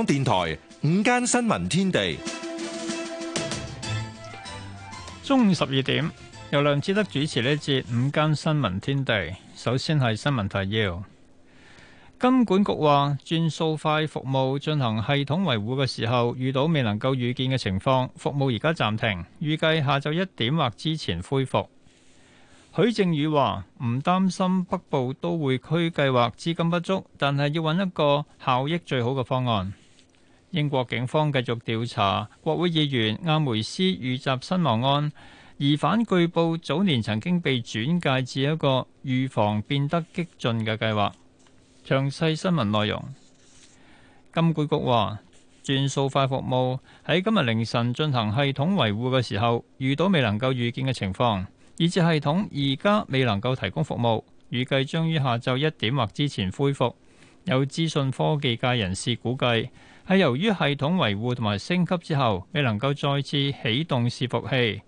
香港電台午間新聞天地，中午十二點由梁志德主持呢一節午間新聞天地。首先係新聞提要。金管局話，轉數快服務進行系統維護嘅時候，遇到未能夠預見嘅情況，服務而家暫停，預計下晝一點或之前恢復。許正宇話唔擔心北部都會區計劃資金不足，但係要揾一個效益最好嘅方案。英國警方繼續調查國會議員阿梅斯遇襲身亡案，疑犯據報早年曾經被轉介至一個預防變得激進嘅計劃。詳細新聞內容，金管局話：轉數快服務喺今日凌晨進行系統維護嘅時候，遇到未能夠預見嘅情況，以致系統而家未能夠提供服務，預計將於下晝一點或之前恢復。有資訊科技界人士估計，係由於系統維護同埋升級之後，未能夠再次起動伺服器，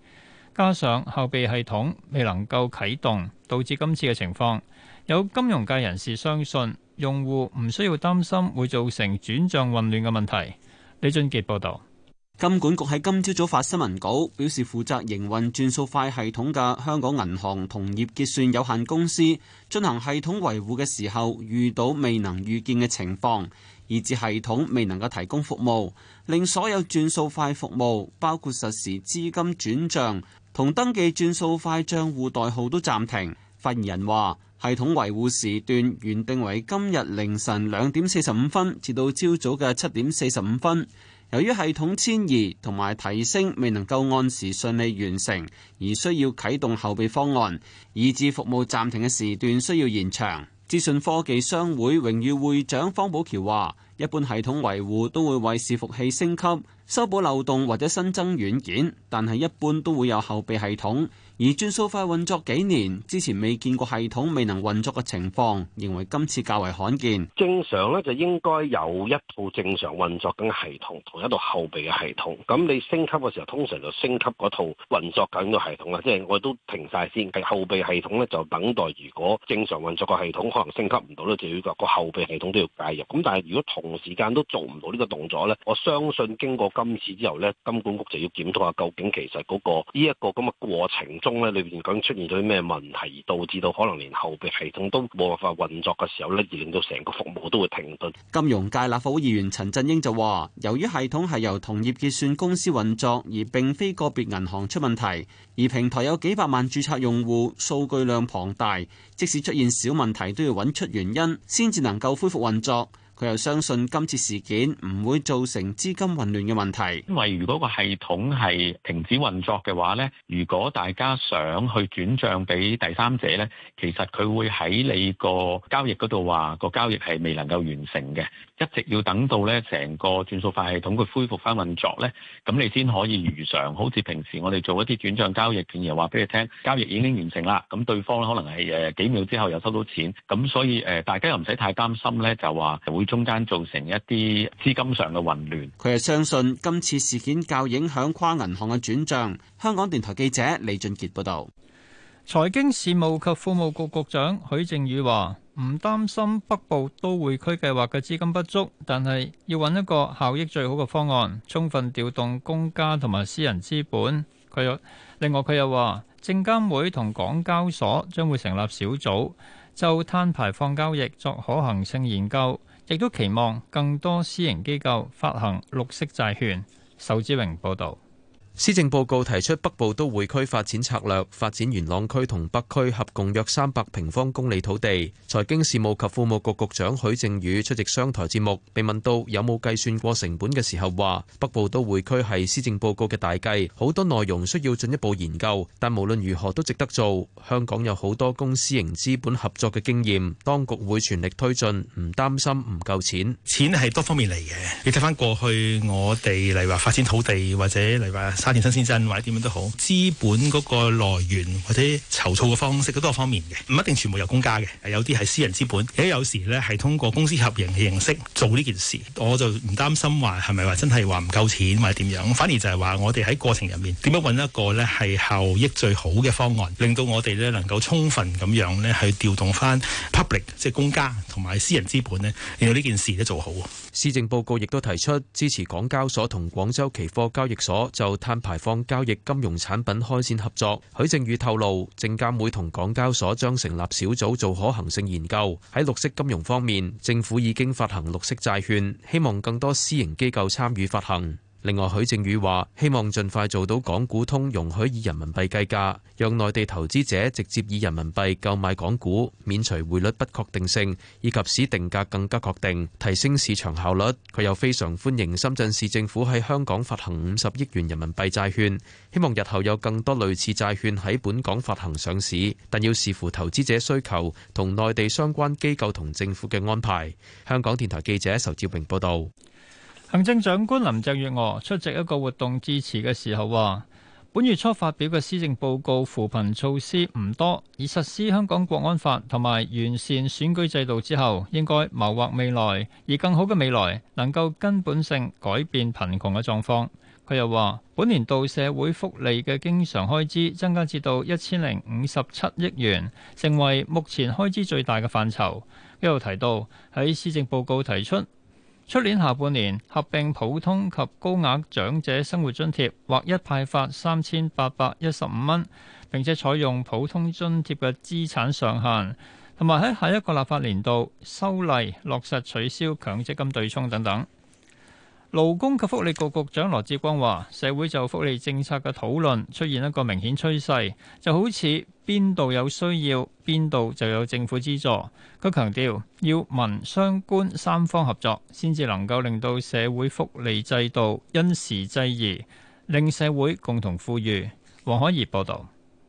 加上後備系統未能夠啟動，導致今次嘅情況。有金融界人士相信，用戶唔需要擔心會造成轉賬混亂嘅問題。李俊傑報導。金管局喺今朝早發新聞稿，表示負責營運轉數快系統嘅香港銀行同業結算有限公司進行系統維護嘅時候，遇到未能預見嘅情況。以至系統未能夠提供服務，令所有轉數快服務，包括實時資金轉賬同登記轉數快帳戶代號都暫停。發言人話：系統維護時段原定為今日凌晨兩點四十五分，至到朝早嘅七點四十五分。由於系統遷移同埋提升未能夠按時順利完成，而需要啟動後備方案，以至服務暫停嘅時段需要延長。資訊科技商會榮譽會長方寶橋話，一般系統維護都會為伺服器升級、修補漏洞或者新增軟件，但係一般都會有後備系統。而轉數快運作幾年，之前未見過系統未能運作嘅情況，認為今次較為罕見。正常咧就應該有一套正常運作緊嘅系統，同一套後備嘅系統。咁你升級嘅時候，通常就升級嗰套運作緊嘅系統喇，即係我都停晒先。但係後備系統咧就等待。如果正常運作個系統可能升級唔到咧，就要個後備系統都要介入。咁但係如果同時間都做唔到呢個動作咧，我相信經過今次之後咧，金管局就要檢討下究竟其實嗰個呢一個咁嘅過程中，咧，裏邊究竟出現咗啲咩問題，而導致到可能連後備系統都冇辦法運作嘅時候咧，而令到成個服務都會停頓。金融界立法會議員陳振英就話，由於系統係由同業結算公司運作，而並非個別銀行出問題，而平台有幾百萬註冊用戶，數據量龐大，即使出現小問題，都要揾出原因，先至能夠恢復運作。佢又相信今次事件唔會造成資金混亂嘅問題，因為如果個系統係停止運作嘅話咧，如果大家想去轉賬俾第三者咧，其實，佢會喺你個交易嗰度話個交易係未能夠完成嘅。一直要等到咧，成個轉數快系統佢恢復翻運作咧，咁你先可以如常。好似平時我哋做一啲轉賬交易，譬如話俾你聽，交易已經完成啦，咁對方可能係誒幾秒之後又收到錢，咁所以誒大家又唔使太擔心咧，就話會中間造成一啲資金上嘅混亂。佢係相信今次事件較影響跨銀行嘅轉賬。香港電台記者李俊傑報道，財經事務及庫務局局長許正宇話。唔擔心北部都會區計劃嘅資金不足，但係要揾一個效益最好嘅方案，充分調動公家同埋私人資本。佢又另外，佢又話，證監會同港交所將會成立小組，就碳排放交易作可行性研究，亦都期望更多私營機構發行綠色債券。仇志榮報導。施政報告提出北部都會區發展策略，發展元朗區同北區合共約三百平方公里土地。財經事務及庫務局局長許正宇出席商台節目，被問到有冇計算過成本嘅時候，話北部都會區係施政報告嘅大計，好多內容需要進一步研究，但無論如何都值得做。香港有好多公私營資本合作嘅經驗，當局會全力推進，唔擔心唔夠錢。錢係多方面嚟嘅，你睇翻過去我哋例如話發展土地或者例如話。沙田新鮮鎮或者點樣都好，資本嗰個來源或者籌措嘅方式都多方面嘅，唔一定全部由公家嘅，有啲係私人資本，而且有時咧係通過公司合營嘅形式做呢件事，我就唔擔心話，係咪話真係話唔夠錢或者點樣，反而就係話，我哋喺過程入面點樣揾一個咧係效益最好嘅方案，令到我哋咧能夠充分咁樣咧去調動翻 public 即係公家同埋、就是、私人資本咧，令到呢件事咧做好。啊，施政報告亦都提出支持港交所同廣州期貨交易所就。碳排放交易金融產品開展合作，許正宇透露，證監會同港交所將成立小組做可行性研究。喺綠色金融方面，政府已經發行綠色債券，希望更多私營機構參與發行。另外，許正宇話希望盡快做到港股通容許以人民幣計價，讓內地投資者直接以人民幣購買港股，免除匯率不確定性，以及使定價更加確定，提升市場效率。佢又非常歡迎深圳市政府喺香港發行五十億元人民幣債券，希望日後有更多類似債券喺本港發行上市，但要視乎投資者需求同內地相關機構同政府嘅安排。香港電台記者仇志平報道。行政長官林鄭月娥出席一個活動致辭嘅時候話，本月初發表嘅施政報告扶貧措施唔多，以實施香港國安法同埋完善選舉制度之後，應該謀劃未來，而更好嘅未來能夠根本性改變貧窮嘅狀況。佢又話，本年度社會福利嘅經常開支增加至到一千零五十七億元，成為目前開支最大嘅範疇。佢又提到，喺施政報告提出，出年下半年，合併普通及高額長者生活津貼劃一派發三千八百一十五蚊，並且採用普通津貼嘅資產上限，同埋喺下一個立法年度修例，落實取消強積金對沖等等。勞工及福利局局長羅志光話，社會就福利政策嘅討論出現一個明顯趨勢，就好似邊度有需要，邊度就有政府資助。佢強調要民、商、官三方合作，先至能夠令到社會福利制度因時制宜，令社會共同富裕。黃海怡報道。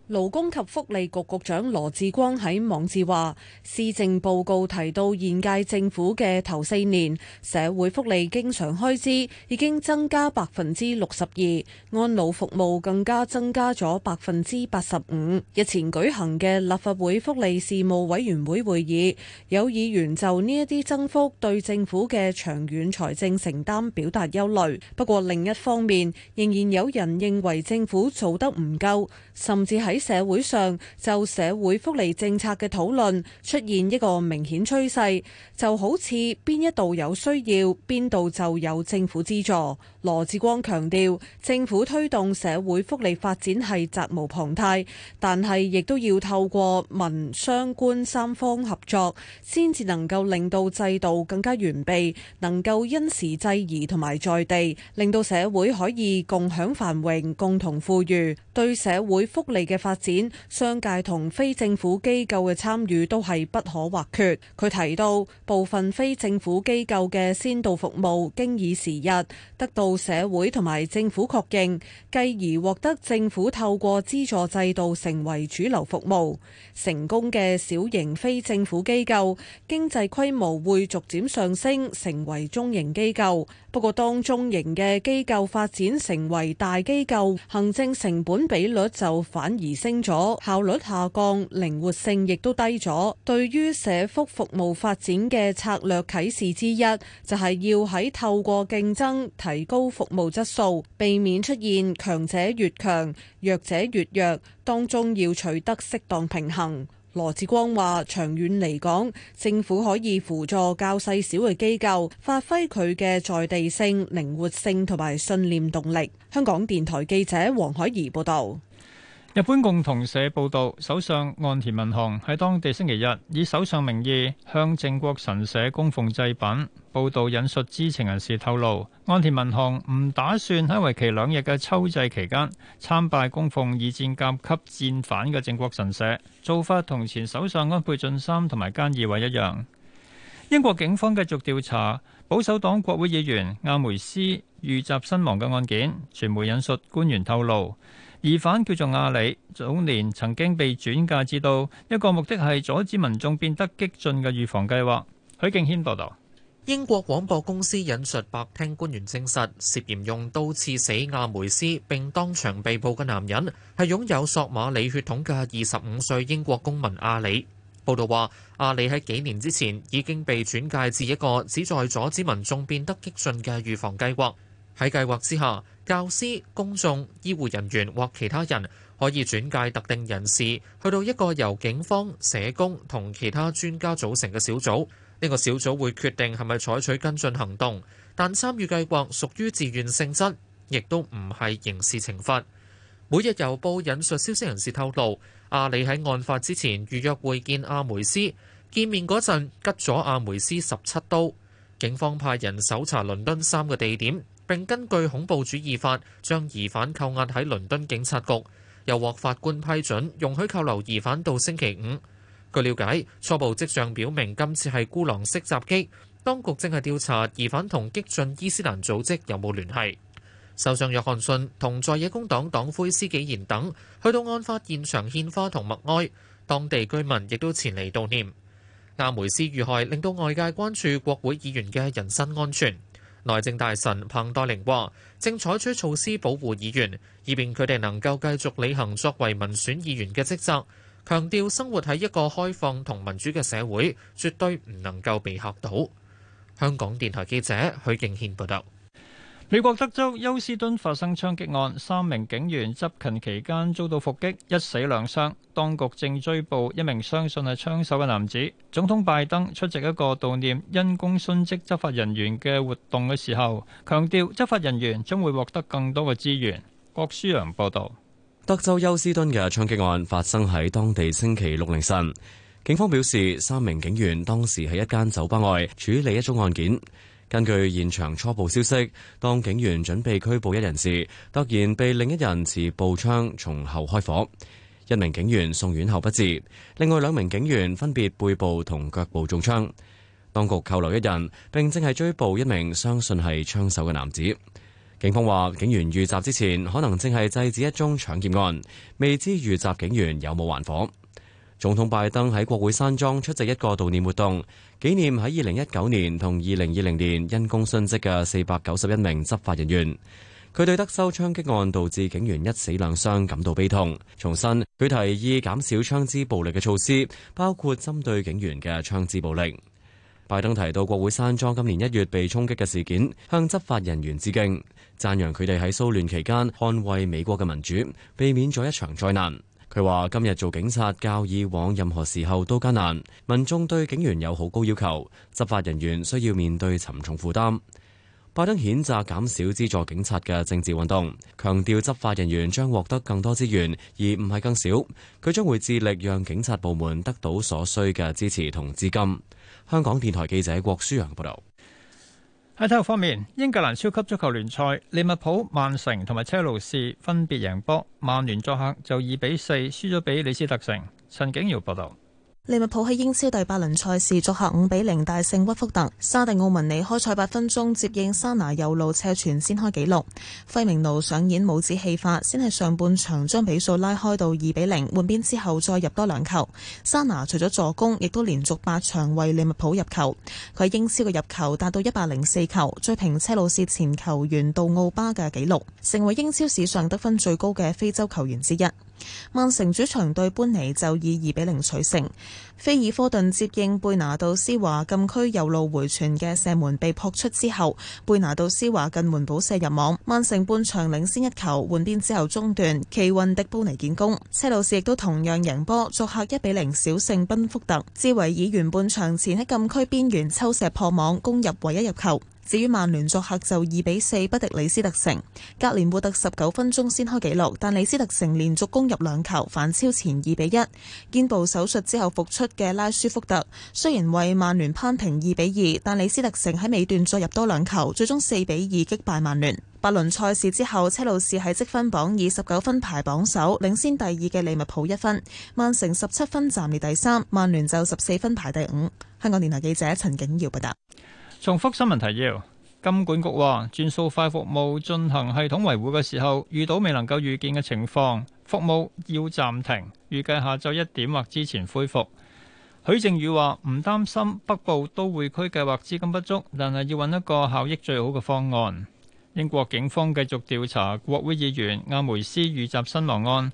勞工及福利局局長羅志光喺網誌話，施政報告提到現屆政府嘅頭四年社會福利經常開支已經增加百分之六十二，安老服務更加增加咗百分之八十五。日前舉行嘅立法會福利事務委員會會議，有議員就呢一啲增幅對政府嘅長遠財政承擔表達憂慮。不過另一方面，仍然有人認為政府做得唔夠，甚至係。喺社會上就社會福利政策嘅討論出現一個明顯趨勢，就好似邊一度有需要，邊度就有政府資助。羅致光強調，政府推動社會福利發展係責無旁貸，但係亦都要透過民、商、官三方合作，先至能夠令到制度更加完備，能夠因時制宜同埋在地，令到社會可以共享繁榮、共同富裕。對社會福利嘅發展，商界同非政府機構嘅參與都係不可或缺。佢提到部分非政府機構嘅先導服務，經已時日得到。社會同埋政府確認，繼而獲得政府透過資助制度成為主流服務成功嘅小型非政府機構，經濟規模會逐漸上升，成為中型機構。不過，當中型嘅機構發展成為大機構，行政成本比率就反而升咗，效率下降，靈活性亦都低咗。對於社福服務發展嘅策略啟示之一，就係要喺透過競爭提高。服務質素，避免出現強者越強、弱者越弱，當中要取得適當平衡。羅志光話：長遠嚟講，政府可以輔助較細小嘅機構，發揮佢嘅在地性、靈活性同埋信念動力。香港電台記者黃海怡報道。日本共同社報道，首相岸田文雄喺當地星期日以首相名義向靖國神社供奉祭品。報道引述知情人士透露，岸田文雄唔打算喺為期兩日嘅秋祭期間參拜供奉二戰甲級戰犯嘅靖國神社，做法同前首相安倍晉三同埋菅義偉一樣。英國警方繼續調查保守黨國會議員阿梅斯遇襲身亡嘅案件。傳媒引述官員透露，疑犯叫做阿里，早年曾經被轉介至到一個目的係阻止民眾變得激進嘅預防計劃。許敬軒報道。英國廣播公司引述白廳官員證實，涉嫌用刀刺死阿梅斯並當場被捕嘅男人係擁有索馬里血統嘅二十五歲英國公民阿里。報道話，阿里喺幾年之前已經被轉介至一個旨在阻止民眾變得激進嘅預防計劃。喺計劃之下，教師、公眾、醫護人員或其他人可以轉介特定人士去到一個由警方、社工同其他專家組成嘅小組。呢、這個小組會決定係咪採取跟進行動，但參與計劃屬於自願性質，亦都唔係刑事懲罰。每日郵報引述消息人士透露。阿里喺案發之前預約會見阿梅斯，見面嗰陣㓤咗阿梅斯十七刀。警方派人搜查倫敦三個地點，並根據恐怖主義法將疑犯扣押喺倫敦警察局，又獲法官批准容許扣留疑犯到星期五。據了解，初步跡象表明今次係孤狼式襲擊，當局正係調查疑犯同激進伊斯蘭組織有冇聯繫。首相約翰遜同在野工黨黨魁施紀賢等去到案發現場獻花同默哀，當地居民亦都前嚟悼念。亞梅斯遇害令到外界關注國會議員嘅人身安全。內政大臣彭黛玲話：正採取措施保護議員，以便佢哋能夠繼續履行作為民選議員嘅職責。強調生活喺一個開放同民主嘅社會，絕對唔能夠被嚇到。香港電台記者許敬軒報道。美國德州休斯敦發生槍擊案，三名警員執勤期間遭到伏擊，一死兩傷。當局正追捕一名相信係槍手嘅男子。總統拜登出席一個悼念因公殉職執法人員嘅活動嘅時候，強調執法人員將會獲得更多嘅資源。郭舒洋報道。德州休斯敦嘅槍擊案發生喺當地星期六凌晨。警方表示，三名警員當時喺一間酒吧外處理一宗案件。根據現場初步消息，當警員準備拘捕一人時，突然被另一人持步槍從後開火，一名警員送院後不治，另外兩名警員分別背部同腳部中槍，當局扣留一人，並正係追捕一名相信係槍手嘅男子。警方話，警員遇襲之前可能正係制止一宗搶劫案，未知遇襲警員有冇還火。總統拜登喺國會山莊出席一個悼念活動，紀念喺二零一九年同二零二零年因公殉職嘅四百九十一名執法人員。佢對德州槍擊案導致警員一死兩傷感到悲痛，重申佢提議減少槍支暴力嘅措施，包括針對警員嘅槍支暴力。拜登提到國會山莊今年一月被衝擊嘅事件，向執法人員致敬，讚揚佢哋喺騷亂期間捍衛美國嘅民主，避免咗一場災難。佢話今日做警察較以往任何時候都艱難，民眾對警員有好高要求，執法人員需要面對沉重負擔。拜登譴責減少資助警察嘅政治運動，強調執法人員將獲得更多資源，而唔係更少。佢將會致力讓警察部門得到所需嘅支持同資金。香港電台記者郭舒揚報道。喺體育方面，英格蘭超級足球聯賽，利物浦、曼城同埋車路士分別贏波，曼聯作客就二比四輸咗俾李斯特城。陳景堯報道。利物浦喺英超第八輪賽事作客五比零大勝屈福特。沙特奧文尼開賽八分鐘接應沙拿右路斜傳先開紀錄。費明路上演帽子戲法，先係上半場將比數拉開到二比零。換邊之後再入多兩球。沙拿除咗助攻，亦都連續八場為利物浦入球。佢喺英超嘅入球達到一百零四球，追平車路士前球員杜奧巴嘅紀錄，成為英超史上得分最高嘅非洲球員之一。曼城主場對般尼就以二比零取勝。菲爾科頓接應貝拿度斯華禁區右路回傳嘅射門被撲出之後，貝拿度斯華近門補射入網，曼城半場領先一球。換邊之後中段，奇雲迪布尼建功，車路士亦都同樣贏波，作客一比零小勝賓福特。茲維爾完半場前喺禁區邊緣抽射破網，攻入唯一入球。至於曼聯作客就二比四不敵李斯特城，格連烏特十九分鐘先開紀錄，但李斯特城連續攻入兩球反超前二比一。肩部手術之後復出。嘅拉舒福特雖然為曼聯扳平，二比二，但李斯特城喺尾段再入多兩球，最終四比二擊敗曼聯。八輪賽事之後，車路士喺積分榜以十九分排榜首，領先第二嘅利物浦一分。曼城十七分，暫列第三。曼聯就十四分排第五。香港電台記者陳景耀報道。重複新聞提要：金管局話，轉數快服務進行系統維護嘅時候，遇到未能夠預見嘅情況，服務要暫停，預計下晝一點或之前恢復。許正宇話唔擔心北部都會區計劃資金不足，但係要揾一個效益最好嘅方案。英國警方繼續調查國會議員阿梅斯遇襲身亡案，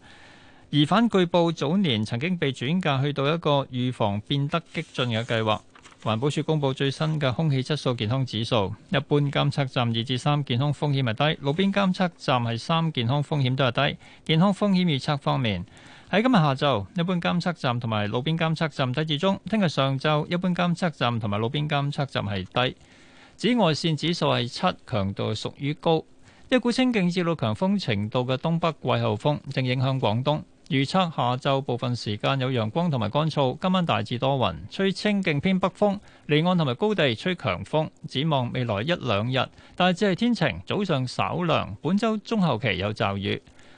疑犯據報早年曾經被轉介去到一個預防變得激進嘅計劃。環保署公布最新嘅空氣質素健康指數，一般監測站二至三健康風險係低，路邊監測站係三健康風險都係低。健康風險預測方面。喺今日下晝，一般監測站同埋路邊監測站低至中。聽日上晝，一般監測站同埋路邊監測站係低。紫外線指數係七，強度屬於高。一股清勁至到強風程度嘅東北季候風正影響廣東。預測下晝部分時間有陽光同埋乾燥，今晚大致多雲，吹清勁偏北風，離岸同埋高地吹強風。展望未來一兩日大致係天晴，早上稍涼。本週中後期有驟雨。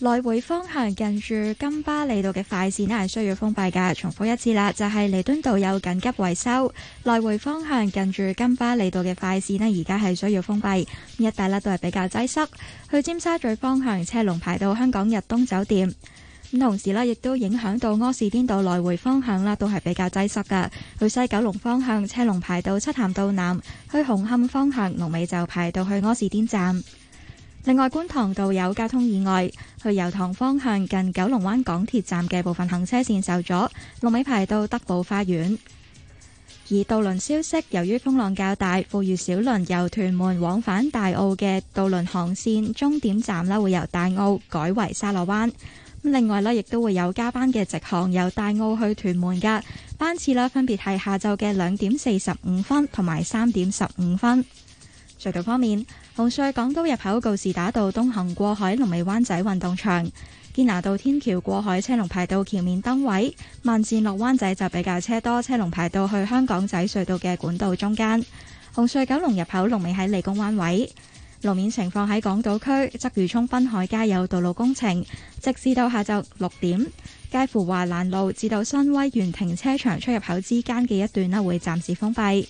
來回方向近住金巴利道嘅快線咧係需要封閉噶，重複一次啦，就係、是、彌敦道有緊急維修，來回方向近住金巴利道嘅快線咧而家係需要封閉，一帶都係比較擠塞。去尖沙咀方向車龍排到香港日東酒店，咁同時呢，亦都影響到柯士甸道來回方向啦，都係比較擠塞嘅。去西九龍方向車龍排到漆咸道南，去紅磡方向龍尾就排到去柯士甸站。另外，觀塘道有交通意外，去油塘方向近九龍灣港鐵站嘅部分行車綫受阻。龍尾排到德寶花園。而渡輪消息，由於風浪較大，富裕小輪由屯門往返大澳嘅渡輪航綫終點站啦，會由大澳改為沙螺灣。咁另外咧，亦都會有加班嘅直航由大澳去屯門噶班次啦，分別係下晝嘅兩點四十五分同埋三點十五分。隧道方面。紅隧，港島入口告士打道東行過海，龍尾灣仔運動場堅拿道天橋過海車龍排到橋面燈位，慢線落灣仔就比較車多，車龍排到去香港仔隧道嘅管道中間。紅隧九龍入口龍尾喺理工灣位，路面情況喺港島區鰂魚涌濱海街有道路工程，直至到下晝六點，介乎華蘭路至到新威園停車場出入口之間嘅一段咧會暫時封閉。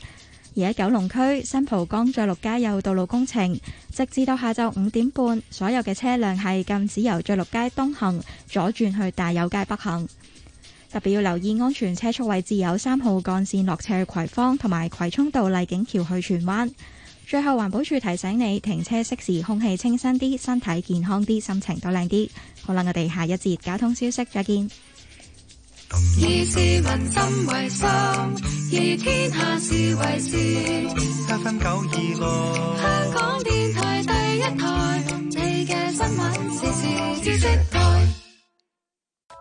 而喺九龍區新蒲崗爵祿街有道路工程，直至到下晝五點半，所有嘅車輛係禁止由爵祿街東行左轉去大有街北行。特別要留意安全車速位置有三號幹線落斜葵芳同埋葵涌道荔景橋去荃灣。最後環保署提醒你停車熄匙，空氣清新啲，身體健康啲，心情都靚啲。好啦，我哋下一節交通消息再見。以市民心為心，以天下事為事。七分九二六，香港電台第一台，嗯、你嘅新聞時事知識台。謝謝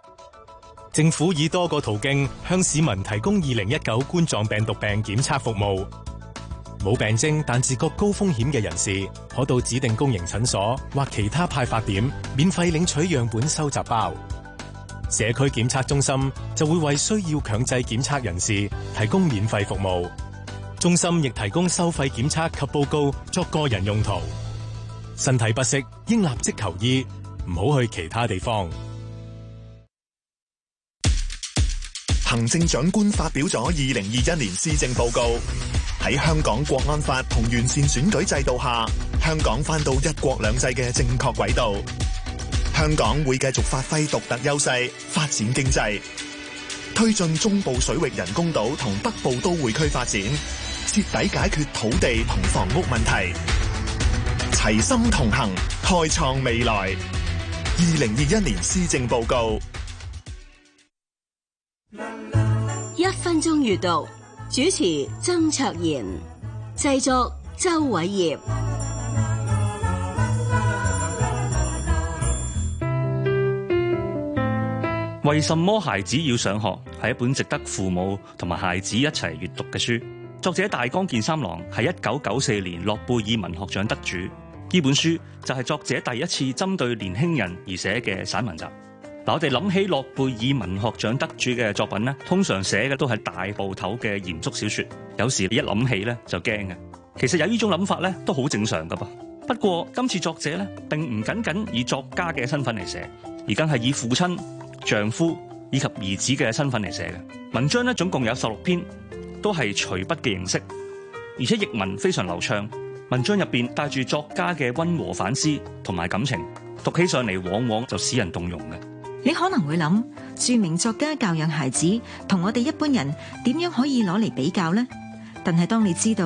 政府以多個途徑向市民提供二零一九冠狀病毒病檢測服務。冇病徵但自覺高風險嘅人士，可到指定公營診所或其他派發點，免費領取樣本收集包。社區檢測中心就會為需要強制檢測人士提供免費服務。中心亦提供收費檢測及報告作個人用途。身體不適，應立即求醫，唔好去其他地方。行政長官發表咗二零二一年施政報告。喺香港國安法同完善選舉制度下，香港返到一國兩制嘅正確軌道。香港會繼續發揮獨特優勢，發展經濟，推進中部水域人工島同北部都會區發展，徹底解決土地同房屋問題，齊心同行，開創未來。二零二一年施政報告，一分鐘閱讀，主持曾卓賢，製作周偉業。為什麼孩子要上學？係一本值得父母同埋孩子一齊閱讀嘅書。作者大江健三郎係一九九四年諾貝爾文學獎得主。呢本書就係作者第一次針對年輕人而寫嘅散文集。嗱，我哋諗起諾貝爾文學獎得主嘅作品咧，通常寫嘅都係大部頭嘅嚴肅小說，有時你一諗起呢就驚嘅。其實有呢種諗法呢都好正常噶噃。不過今次作者呢，並唔僅僅以作家嘅身份嚟寫，而更係以父親。丈夫以及兒子嘅身份嚟寫嘅文章咧，總共有十六篇，都係隨筆嘅形式，而且譯文非常流暢。文章入邊帶住作家嘅溫和反思同埋感情，讀起上嚟往往就使人動容嘅。你可能會諗，著名作家教養孩子，同我哋一般人點樣可以攞嚟比較咧？但係當你知道。